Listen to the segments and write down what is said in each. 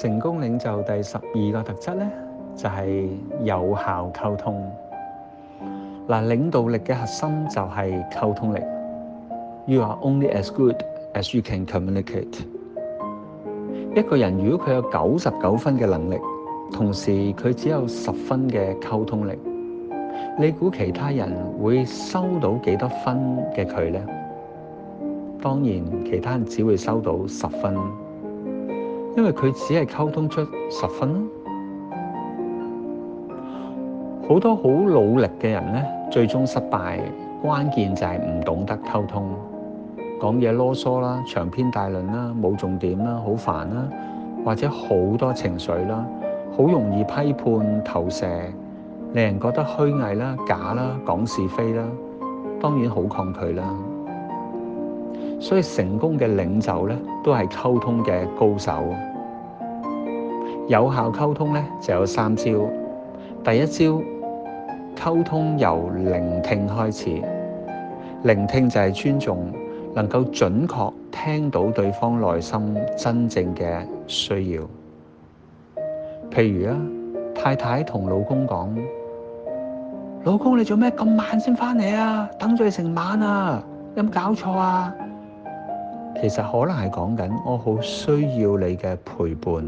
成功領袖第十二個特質呢，就係有效溝通。嗱，領導力嘅核心就係溝通力。You are only as good as you can communicate。一個人如果佢有九十九分嘅能力，同時佢只有十分嘅溝通力，你估其他人會收到幾多分嘅佢呢？當然，其他人只會收到十分。因為佢只係溝通出十分咯，好多好努力嘅人咧，最終失敗，關鍵就係唔懂得溝通，講嘢囉嗦啦，長篇大論啦，冇重點啦，好煩啦，或者好多情緒啦，好容易批判投射，令人覺得虛偽啦、假啦、講是非啦，當然好抗拒啦。所以成功嘅領袖咧，都係溝通嘅高手。有效溝通咧就有三招。第一招，溝通由聆聽開始。聆聽就係尊重，能夠準確聽到對方內心真正嘅需要。譬如啊，太太同老公講：「老公，你做咩咁晚先返嚟啊？等咗你成晚啊！有冇搞錯啊？」其實可能係講緊我好需要你嘅陪伴。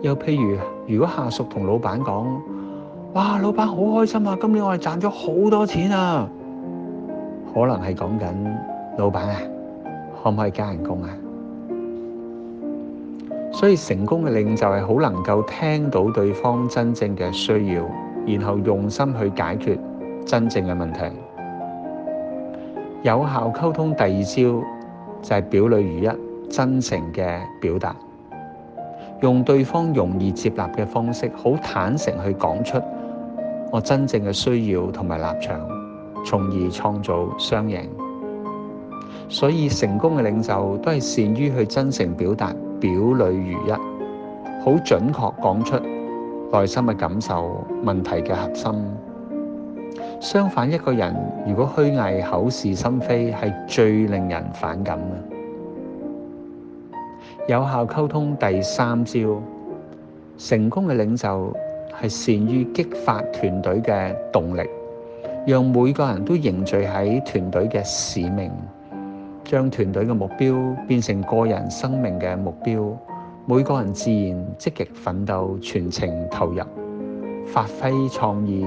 又譬如，如果下屬同老闆講：哇，老闆好開心啊，今年我哋賺咗好多錢啊！可能係講緊老闆啊，可唔可以加人工啊？所以成功嘅領袖就係好能夠聽到對方真正嘅需要，然後用心去解決真正嘅問題。有效溝通第二招就係表裏如一，真誠嘅表達，用對方容易接納嘅方式，好坦誠去講出我真正嘅需要同埋立場，從而創造雙贏。所以成功嘅領袖都係善於去真誠表達，表裏如一，好準確講出內心嘅感受，問題嘅核心。相反，一個人如果虛偽、口是心非，係最令人反感嘅。有效溝通第三招，成功嘅領袖係善於激發團隊嘅動力，讓每個人都凝聚喺團隊嘅使命，將團隊嘅目標變成個人生命嘅目標，每個人自然積極奮鬥、全程投入、發揮創意。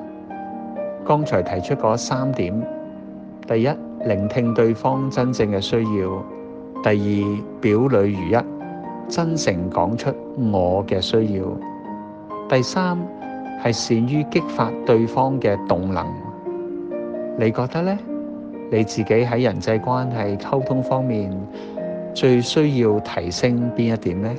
剛才提出嗰三點：第一，聆聽對方真正嘅需要；第二，表裏如一，真誠講出我嘅需要；第三，係善於激發對方嘅動能。你覺得呢？你自己喺人際關係溝通方面最需要提升邊一點呢？